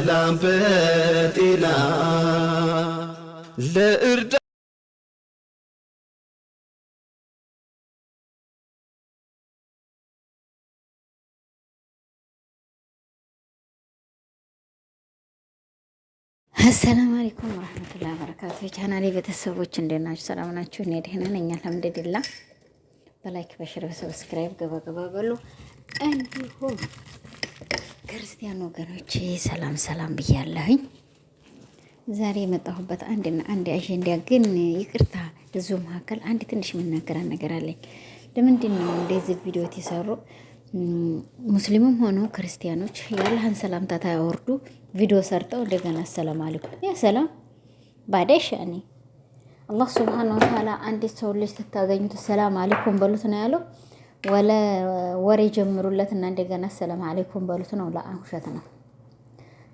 በሰላም በጤና ለእርዳ አሰላሙ አለይኩም ወረህመቱላሂ ወበረካቱ። የቻናሌ ቤተሰቦች እንዴት ናችሁ? ሰላም ናችሁ? እኔ ደህና ነኝ አልሐምዱሊላህ። በላይክ በሽር በሰብስክራይብ ገባ ገባ በሉ እንዲሁም ክርስቲያን ወገኖች ሰላም ሰላም ብያለሁኝ። ዛሬ የመጣሁበት አንድና አንድ አጀንዳ ግን ይቅርታ እዚሁ መካከል አንድ ትንሽ የምናገራ ነገር አለኝ። ለምንድን ነው እንደዚህ ቪዲዮ የሰሩ ሙስሊሙም ሆኖ ክርስቲያኖች የአላህን ሰላምታ ታያወርዱ ቪዲዮ ሰርተው እንደገና አሰላም አለይኩም ያ ሰላም ባደሻኔ አላህ ስብሓን ወተዓላ አንዲት ሰው ልጅ ስታገኙት ሰላም አለይኩም በሉት ነው ያለው። ወለ ወሬ ጀምሩለት እና እንደገና ሰላም አለይኩም በሉት ነው። ለአንኩሸት ነው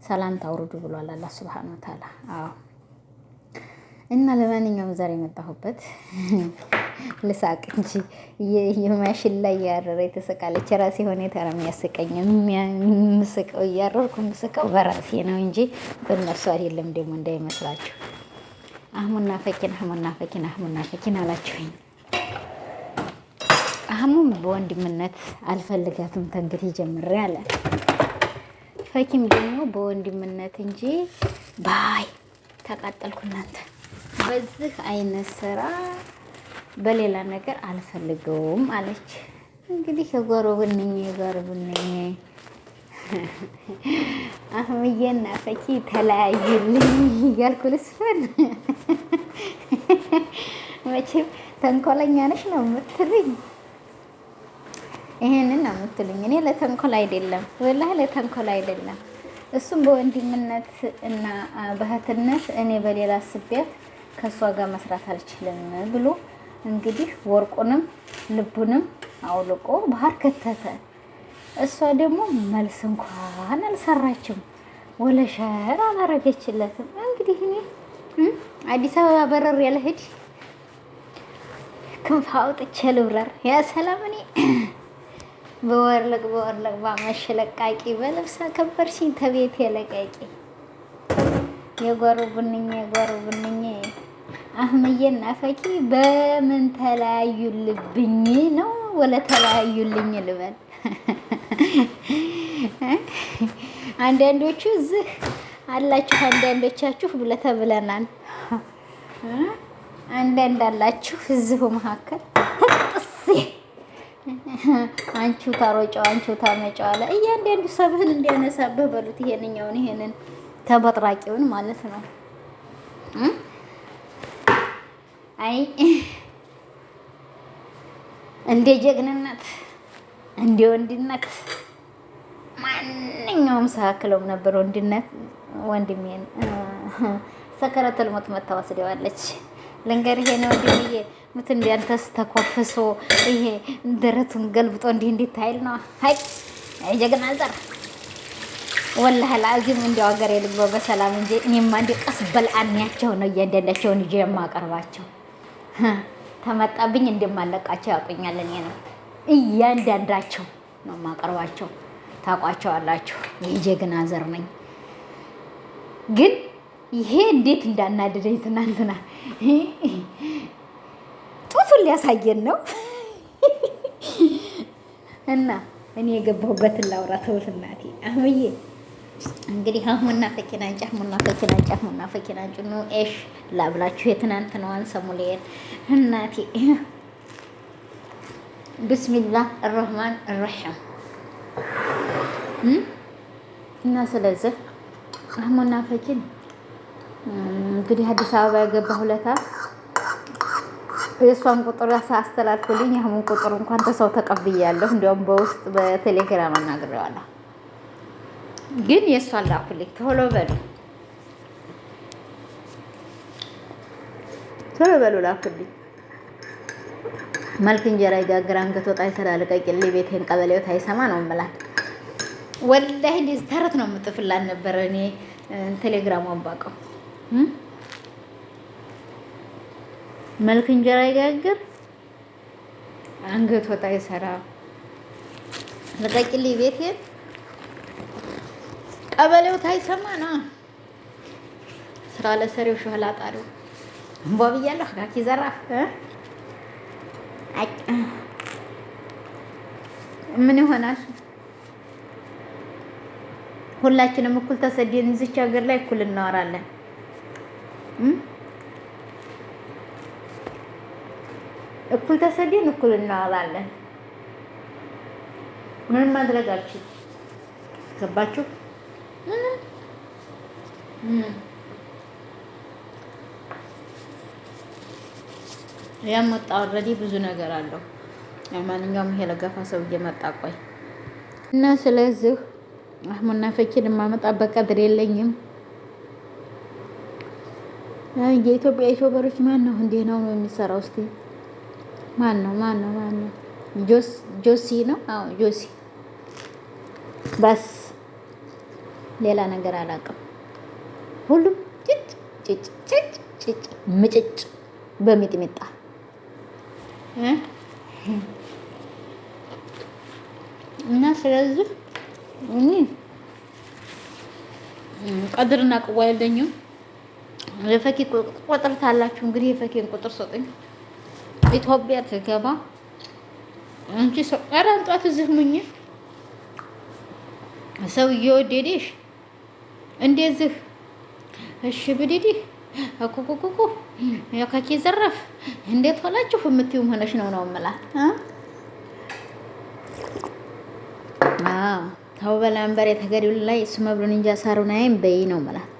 ሰላም ታውርዱ ብሏል አላህ ሱብሓነሁ ወተዓላ። አዎ እና ለማንኛውም ዛሬ የመጣሁበት ልሳቅ እንጂ የማሽን ላይ እያረረ የተሰቃለች የራሴ ሁኔታ ነው የሚያስቀኝ። የምስቀው እያረርኩ ምስቀው በራሴ ነው እንጂ በእነሱ አይደለም። ደግሞ እንዳይመስላችሁ አህሙና ፈኪን አህሙና ፈኪን አህሙና ፈኪን አላችሁኝ። ሀሙም በወንድምነት አልፈልጋትም ከእንግዲህ ጀምሬ አለ። ፈኪም ደግሞ በወንድምነት እንጂ ባይ ተቃጠልኩ። እናንተ በዚህ አይነት ስራ በሌላ ነገር አልፈልገውም አለች። እንግዲህ የጓሮ ብንኝ የጓሮ ብንኝ አህምዬና ፈኪ ተለያዩልኝ እያልኩ ልስፈን። መቼም ተንኮለኛ ነሽ ነው የምትልኝ ይሄንን ነው የምትሉኝ። እኔ ለተንኮል አይደለም፣ ወላሂ ለተንኮል አይደለም። እሱም በወንድምነት እና በእህትነት እኔ በሌላ ስቤት ከእሷ ጋር መስራት አልችልም ብሎ እንግዲህ ወርቁንም ልቡንም አውልቆ ባህር ከተተ። እሷ ደግሞ መልስ እንኳን አልሰራችም፣ ወለሸር አላረገችለትም። እንግዲህ እኔ አዲስ አበባ በረር ያለህድ ክንፍ አውጥቼ ልብረር ያ ሰላም እኔ በወርልቅ በወርልቅ ባመሽ ለቃቂ በልብስ አከበርሽኝ ተቤት የለቃቂ የጓሮ ቡንኝ የጓሮ ቡንኝ አህምዬና ፈኪ በምን ተለያዩልብኝ ነው ወለ ተለያዩልኝ ልበል? አንዳንዶቹ እዚህ አላችሁ፣ አንዳንዶቻችሁ ብለ ተብለናል። አንዳንድ አላችሁ እዚሁ መካከል ጥሴ አንቺው ታሮጫው አንቺው ታመጫው አለ። እያንዳንዱ ሰብህን እንዲያነሳብህ በሉት። ይሄንኛውን ይሄንን ተበጥራቂውን ማለት ነው። አይ እንደ ጀግንነት እንደ ወንድነት ማንኛውም ሳያክለውም ነበር ወንድነት ወንድሜን ሰከረተል ሞት መታ ወስደዋለች። ልንገርህ ነው ወንድምዬ፣ ምት እንዲያንተስ ተኮፍሶ ይሄ ደረቱን ገልብጦ እንዲህ እንዲታይል ነው። አይ አይ ጀግና ዘር ወላሂ ላዚም እንዲያው ሀገር የልግቦ በሰላም እንጂ እኔማ እንዲህ ቀስ በልአንያቸው ነው እያንዳንዳቸውን ይዤ የማቀርባቸው። ተመጣብኝ እንደማለቃቸው ያውቁኛል። እኔ ነው እያንዳንዳቸው ነው የማቀርባቸው። ታቋቸዋላችሁ። ይህ ጀግና ዘር ነኝ ግን ይሄ እንዴት እንዳናደደኝ ትናንትና ጡቱን ሊያሳየን ነው እና እኔ የገባሁበትን ላውራ ተውት እናቴ አሁዬ እንግዲህ አህሙና ፈኪናን ጫሙና ፈኪናን ጫሙና ፈኪናን ጭኑ ኤሽ ላብላችሁ የትናንትናዋን ሰሙሌን እናቴ ብስሚላህ ረህማን ረሒም እና ስለዚህ አህሙና ፈኪን እንግዲህ አዲስ አበባ የገባሁ ሁለታ የእሷን ቁጥር አስተላልፎልኝ የአህሙን ቁጥር እንኳን ተሰው ተቀብያለሁ። እንዲያውም በውስጥ በቴሌግራም አናግሬዋለሁ። ግን የእሷን ላኩልኝ። ቶሎ በሉ ቶሎ በሉ ላኩልኝ። መልክ እንጀራ ይጋግር አንገት ወጣ የተላለቀቂል ቤቴን ቀበሌዎት ታይሰማ ነው የምላት። ወላሂ እንደዚህ ተረት ነው የምጥፍላት ነበር እኔ ቴሌግራሟን ባውቀው መልክ እንጀራ ይጋግር አንገት ወጣ ይሰራ ልቀቂልኝ ቤቴን ቀበሌው ታይሰማ ና ስራ ለሰሪው ሾህ ላጣሪው እንቧ ብያለሁ። ካኪ ዘራፍ ምን ይሆናል? ሁላችንም እኩል ተሰደን እዚች ሀገር ላይ እኩል እናወራለን። እኩል ተሰደን እኩል እናዋላለን። ምንም ማድረግ አልችልም። ገባችሁ? ያም ወጣ ኦልሬዲ ብዙ ነገር አለው። ማንኛውም ይሄ ለገፋ ሰው እየመጣ ቆይ እና ስለዚህ አህሙና ፈኪን የማመጣበት ቀድር የለኝም። የኢትዮጵያ ዩቲዩበሮች ማን ነው እንዴ ነው ነው የሚሰራው? እስቲ ማን ነው ማን ነው ማን ነው? ጆስ ጆሲ ነው? አዎ ጆሲ ባስ። ሌላ ነገር አላውቅም። ሁሉም ጭጭ ጭጭ ጭጭ ጭጭ ምጭጭ በሚጥሚጣ እና ስለዚህ እኔ ቀድርና ቅዋ የለኝም። የፈኪ ቁጥር ታላችሁ እንግዲህ የፈኪን ቁጥር ሰጡኝ። ኢትዮጵያ ትገባ አንቺ ሰው ኧረ አንጧት እዚህ ሙኝ ሰው እየወደደሽ እንደዚህ እሺ ብድዲ አኩኩኩኩ ያካኪ ዘረፍ እንዴት ሆናችሁ የምትዩም ሆነሽ ነው ነው የምላት ተው በላንበር የተገደሉ ላይ ስመብሉን እንጂ ሳሩናይም በይ ነው የምላት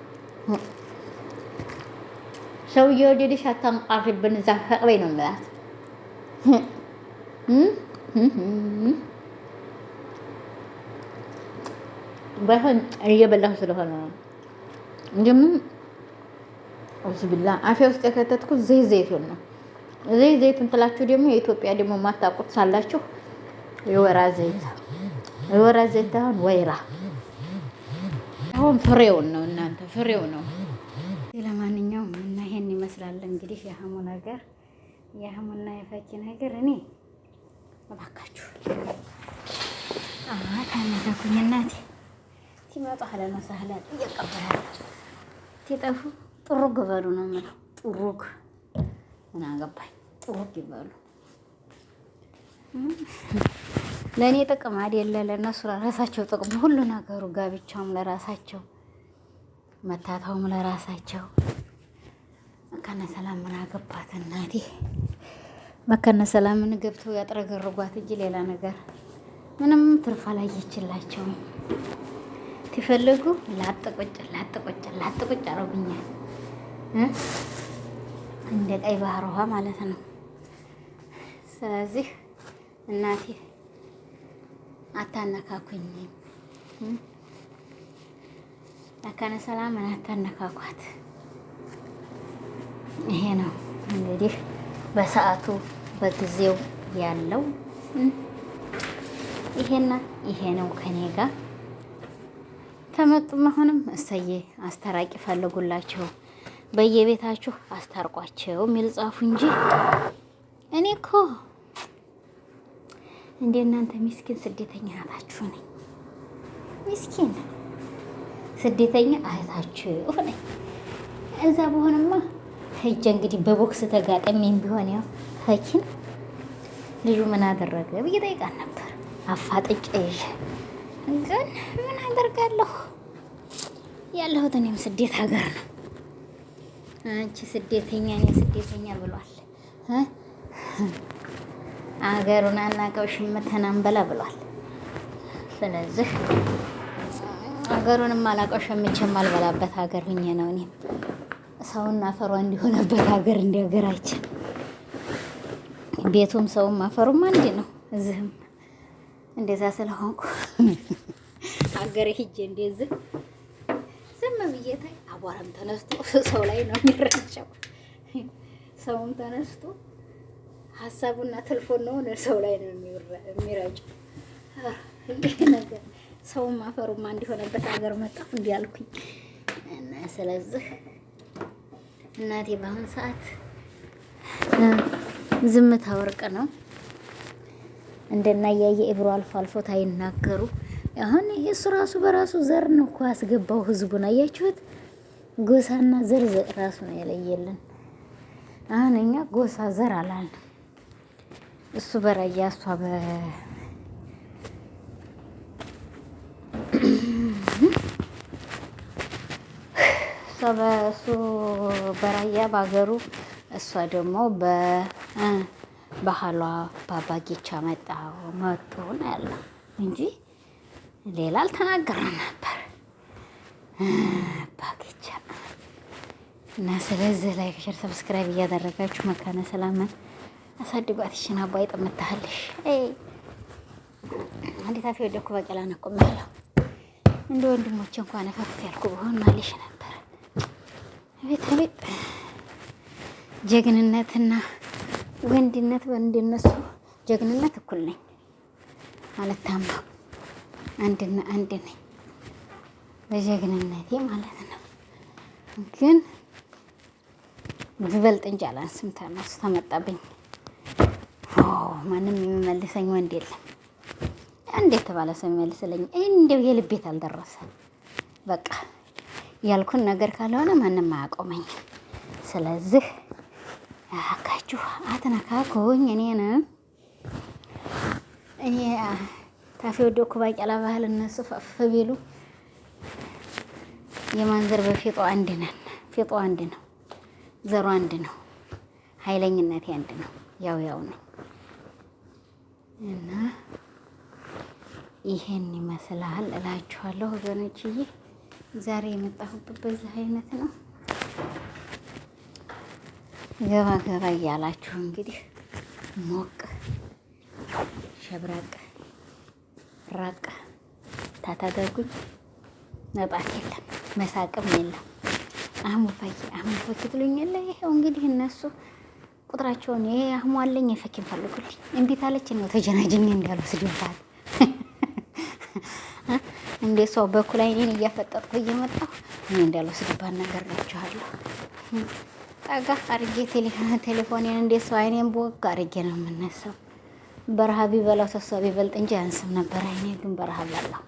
ሰው እየወደደሽ አታንቋርፊብን። እዛ ፈቅበይ ነው የምላት። ባይሆን እየበላሁ ስለሆነ ነው እንጂም ብላ አፌ ውስጥ የከተትኩት ዘይት ዘይቱን ነው። ዘይት ዘይቱን ትላችሁ ደግሞ የኢትዮጵያ ደግሞ የማታውቁት ሳላችሁ የወይራ ዘይት የወይራ ዘይት አሁን ወይራ አሁን ፍሬው ነው እናንተ ፍሬው ነው። ለማንኛውም ይመስላል እንግዲህ የሀሙ ነገር የሀሙና የፈኪ ነገር። እኔ እባካችሁ ታነካኩኝ እናቴ ሲመጡ ነው ሳህላል እያቀበላል ሲጠፉ ጥሩግ በሉ ነው የምለው። ጥሩግ ምን አገባኝ፣ ጥሩግ ይበሉ። ለእኔ ጥቅም አይደለ ለእነሱ ለራሳቸው ጥቅም ሁሉ ነገሩ ጋብቻውም ለራሳቸው መታታውም ለራሳቸው መካነ ሰላም ምን አገባት እናቴ። መካነ ሰላምን ገብተው ያጥረገርጓት እንጂ ሌላ ነገር ምንም ትርፍ አላየችላቸውም። ትፈልጉ ላጥቆጭ ላጥቆጭ ላጥቆጭ አረጉኛል እንደ ቀይ ባህር ውሃ ማለት ነው። ስለዚህ እናቴ አታነካኩኝ፣ መካነ ሰላምን አታነካኳት። ይሄ ነው እንግዲህ በሰዓቱ በጊዜው ያለው ይሄና ይሄ ነው። ከኔ ጋር ከመጡም አሁንም እሰዬ አስታራቂ ፈልጉላቸው በየቤታችሁ አስታርቋቸው የሚል ጻፉ እንጂ እኔ እኮ እንደ እናንተ ሚስኪን ስደተኛ እህታችሁ ነኝ። ሚስኪን ስደተኛ እህታችሁ ነኝ። እዛ በሆንማ ሂጅ እንግዲህ በቦክስ ተጋጠሜም ቢሆን ያው ሀኪም ልጁ ምን አደረገ ብዬ ጠይቃን ነበር። አፋጥጬ ይዤ ግን ምን አደርጋለሁ ያለሁት እኔም ስደት ሀገር ነው። አንቺ ስደተኛ እኔ ስደተኛ ብሏል። አገሩን አናቀው ሽምተን አንበላ ብሏል። ስለዚህ አገሩንም አላቀው ሸምቼ የማልበላበት ሀገር ሁኜ ነው እኔም ሰውና አፈሯ እንዲሆነበት ሀገር እንዲ ሀገራችን ቤቱም ሰውም አፈሩም አንድ ነው። እዚህም እንደዛ ስለሆንኩ ሀገር ሂጄ እንደዚህ ዝም ብዬ ታይ አቧራም ተነስቶ ሰው ላይ ነው የሚረጨው። ሰውም ተነስቶ ሀሳቡና ትልፎን ነው ሰው ላይ ነው የሚረጨው። ነገር ሰውም አፈሩም እንዲሆነበት ሀገር መጣሁ እንዲያልኩኝ እና ስለዚህ እናቴ በአሁኑ ሰዓት ዝምታ ወርቅ ነው። እንደናያየ ኢብሮ አልፎ አልፎ ታይናገሩ። አሁን እሱ ራሱ በራሱ ዘር ነው እኮ ያስገባው ህዝቡን። አያችሁት? ጎሳና ዘር ራሱ ነው የለየልን። አሁን እኛ ጎሳ ዘር አላልን። እሱ በራያ እሷ በእሱ በራያ በሀገሩ እሷ ደግሞ በባህሏ በአባጌቻ መጣ መጡ ነው ያለ እንጂ ሌላ አልተናገረም ነበር። አባጌቻ እና ስለዚህ ላይ ከሸር ሰብስክራይብ እያደረጋችሁ መካነ ሰላምን አሳድጓት። ይችን አባይ ጠምታለሽ። እንዴት አፌ ወደኩ በቀላ ነቆም ያለው እንደ ወንድሞች እንኳን ፈፍ ያልኩ በሆን ማለሽ ነበር። በተለይ ጀግንነትና ወንድነት ወንድነሱ ጀግንነት እኩል ነኝ አልታማ አንድና አንድ ነኝ በጀግንነቴ ማለት ነው። ግን ብበልጥ እንጂ አላንስም። ተነሱ ተመጣብኝ ማንም የሚመልሰኝ ወንድ የለም። እንዴት ተባለ ሰው የሚመልስልኝ? እንደው የልቤት አልደረሰ በቃ ያልኩን ነገር ካልሆነ ማንም አያቆመኝም። ስለዚህ አካችሁ አትነካኩኝ። እኔን እኔ ታፌ ወደኩ ባቄላ ባህል እነሱ ፈፍ ቢሉ የማንዘር በፊጦ አንድ ነን። ፊጦ አንድ ነው፣ ዘሩ አንድ ነው፣ ኃይለኝነት አንድ ነው። ያው ያው ነው እና ይሄን ይመስላል እላችኋለሁ ወገኖችዬ። ዛሬ የመጣሁበት በዚህ አይነት ነው። ገባ ገባ እያላችሁ እንግዲህ ሞቅ ሸብረቅ ራቅ ታታደርጉኝ መጣት የለም መሳቅም የለም። አህሙ ፈኪ አህሙ ፈኪ የለ ይኸው እንግዲህ እነሱ ቁጥራቸውን ይሄ አህሙ አለኝ የፈኪን ፈልጉልኝ እምቢ አለች ነው ተጀናጀኝ እንዳልወስድባት እንደ ሰው በኩል አይኔን እያፈጠጥኩ እየመጣሁ እኔ እንዳልወስድባት ነገር ናችኋለሁ። ጠጋ አርጌ ቴሌፎኔን እንደ ሰው አይኔን ቦግ አርጌ ነው የምነሳው። በረሃብ ይበላው ተሷ ቢበልጥ እንጂ አንስም ነበር። አይኔ ግን በረሃብ በላው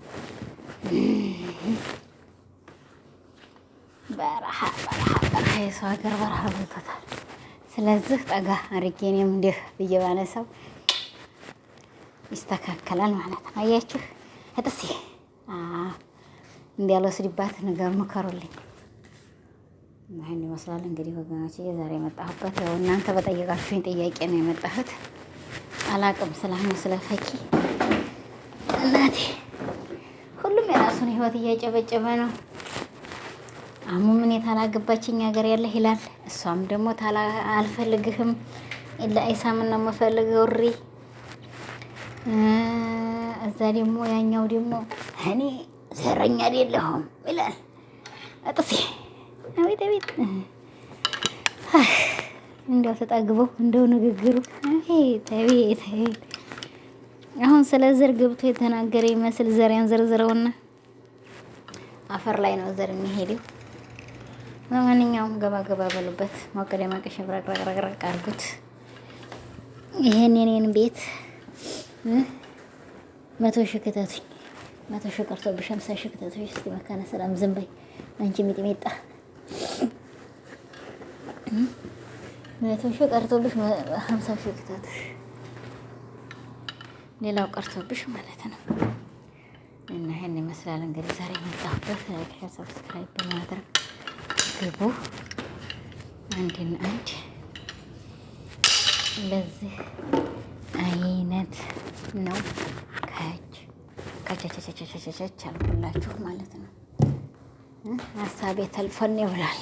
በረሃ በረሃ በረሃ የሰው ሀገር በረሃ ብልቶታል። ስለዚህ ጠጋ አርጌ እኔም እንዲህ ብዬ ባነሳው ይስተካከላል ማለት ነው። አያችሁ እጥሴ እንዲያልወስድባት ነገር ምከሩልኝ። ይህን ይመስላል እንግዲህ ወገኖች፣ ዛሬ የመጣሁበት ያው እናንተ በጠየቃችሁኝ ጥያቄ ነው የመጣሁት። አላቅም ስለአሁኑ ስለ ፈኪ እናቴ፣ ሁሉም የራሱን ህይወት እያጨበጨበ ነው። አሙም እኔ ታላግባችኝ ሀገር ያለህ ይላል። እሷም ደግሞ አልፈልግህም ለኢሳምን ነው የምፈልገው እሪ እዛ ደግሞ ያኛው ደግሞ እኔ ዘረኛ አይደለሁም ይላል። አጥሴ አቤት አቤት፣ እንዲያው ተጣግቦ እንደው ንግግሩ አቤት አቤት አቤት። አሁን ስለ ዘር ገብቶ የተናገረ ይመስል ዘር ያንዘርዝረውና አፈር ላይ ነው ዘር የሚሄደው። ለማንኛውም ገባ ገባ በሉበት፣ ሞቅ ደመቅ ሽብረቅረቅረቅረቅ አድርጉት። ይሄን የኔን ቤት መቶ ሺህ ክተቱኝ መቶ ሺህ ቀርቶብሽ ሃምሳ ሺህ ክተቶች እስቲ መካነ ሰላም ዝም በይ አንቺ ሚጥሚጣ። መቶ ሺህ ቀርቶብሽ ሃምሳ ሺህ ክተቶች ሌላው ቀርቶብሽ ማለት ነው። እና ይሄን ይመስላል እንግዲህ ዛሬ የመጣሁበት ላይክ፣ ሼር፣ ሰብስክራይብ በማድረግ ግቡ። አንድና አንድ አይነት ነው። ከቸቸቸቸቸቸች አልኩላችሁ ማለት ነው። ሀሳቤ ተልፎኔ ብሏል።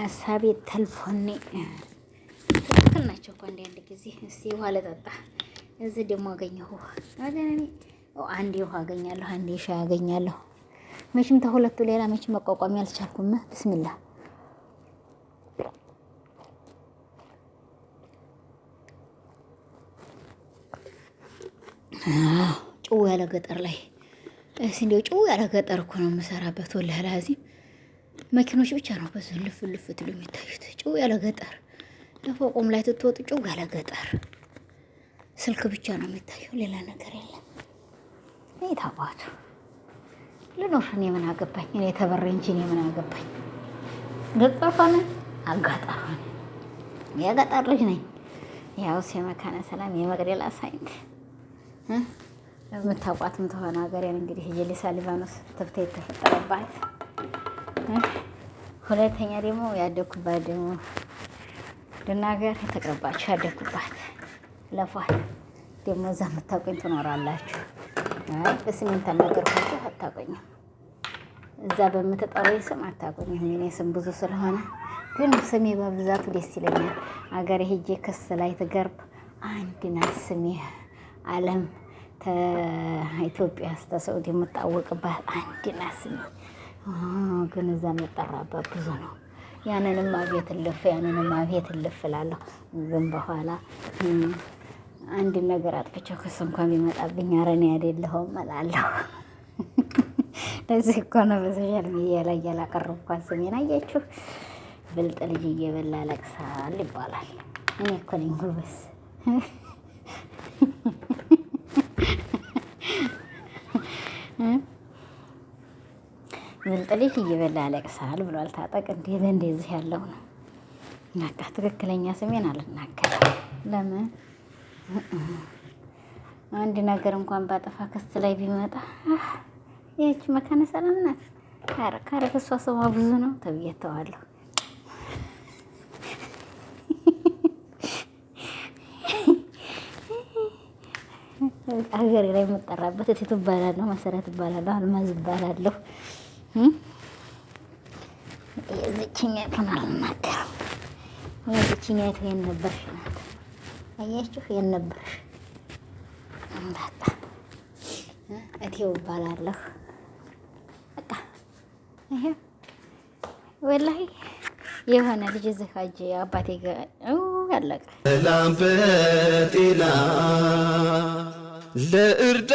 ሀሳቤ ተልፎኔ ትክክል ናቸው እኮ አንዳንድ ጊዜ። እስቲ ውሃ ልጠጣ። እዚህ ደግሞ አገኘሁ ውሃ አንዴ ውሃ አገኛለሁ፣ አንዴ ሻይ አገኛለሁ። መቼም ተሁለቱ ሌላ መቼም መቋቋሚ አልቻልኩም። ብስሚላ አዎ ጭው ያለ ገጠር ላይ እስ እንዲያው ጭው ያለ ገጠር እኮ ነው የምሰራበት። ወላሂ ላዚም መኪኖች ብቻ ነው በዙ ልፍ ልፍ ትሉ የሚታዩት። ጭው ያለ ገጠር ለፎቁም ላይ ትትወጡ ጭው ያለ ገጠር ስልክ ብቻ ነው የሚታየው፣ ሌላ ነገር የለም። እኔ ታባቱ ልኖር እኔ ምን አገባኝ? እኔ ተበሬ እንጂ እኔ ምን አገባኝ? ገጠር ሆነ አጋጠር ሆነ የገጠር ልጅ ነኝ። ያው የመካነ ሰላም የመቅደላ ሳይንት የምታውቋትም ተሆነ ሀገሬን እንግዲህ የሌሳ ሊባኖስ ተብታ የተፈጠረባት ሁለተኛ ደግሞ ያደኩባት ደግሞ ድናገር የተቀባችሁ ያደኩባት ለፏል ደግሞ እዛ የምታውቀኝ ትኖራላችሁ። በስሜን ተናገርኳቸው አታውቀኝም። እዛ በምትጠራኝ ስም አታውቀኝም። የእኔ ስም ብዙ ስለሆነ ግን ስሜ በብዛቱ ደስ ይለኛል። አገሬ ሄጄ ክስ ላይ ትገርብ አንድ ናት ስሜ አለም ኢትዮጵያ ስተሰውድ የምታወቅባት አንድ ናስኒ ግን እዛ የምጠራበት ብዙ ነው። ያንንም አቤት እልፍ ያንንም አቤት እልፍ እላለሁ። ግን በኋላ አንድ ነገር አጥፍቼው ክስ እንኳን ቢመጣብኝ አረን ያደለሁም እላለሁ። ለዚህ እኮ ነው በሶሻል ሚዲያ ላይ ያላቀረብኳት ስሜን አያችሁ። ብልጥ ልጅ እየበላ ለቅሳል ይባላል። እኔ እኮ ነኝ ጉበስ ብልጥልሽ እየበላ ያለቅሳል ብሏል ታጠቅ። እንዴት እንደዚህ ያለው ነው። በቃ ትክክለኛ ስሜን አልናገርም። ለምን አንድ ነገር እንኳን ባጠፋ ክስ ላይ ቢመጣ ይህች መካነ ሰላም ናት። ከረ ከሷ ስሟ ብዙ ነው ተብዬ ተዋለሁ። ሀገሬ ላይ የምጠራበት እቴቱ እባላለሁ፣ መሰረት እባላለሁ፣ አልማዝ እባላለሁ። የዚችኛቱን አልናገርም። የዚችኛቱ የነበርሽ ናት። አያችሁ፣ የነበርሽ በቃ እቴው እባላለሁ። በቃ ይሄ ወላሂ የሆነ ልጅ ዘካጅ አባቴ ጋር አለቀ። ሰላም በጤና ለእርዳ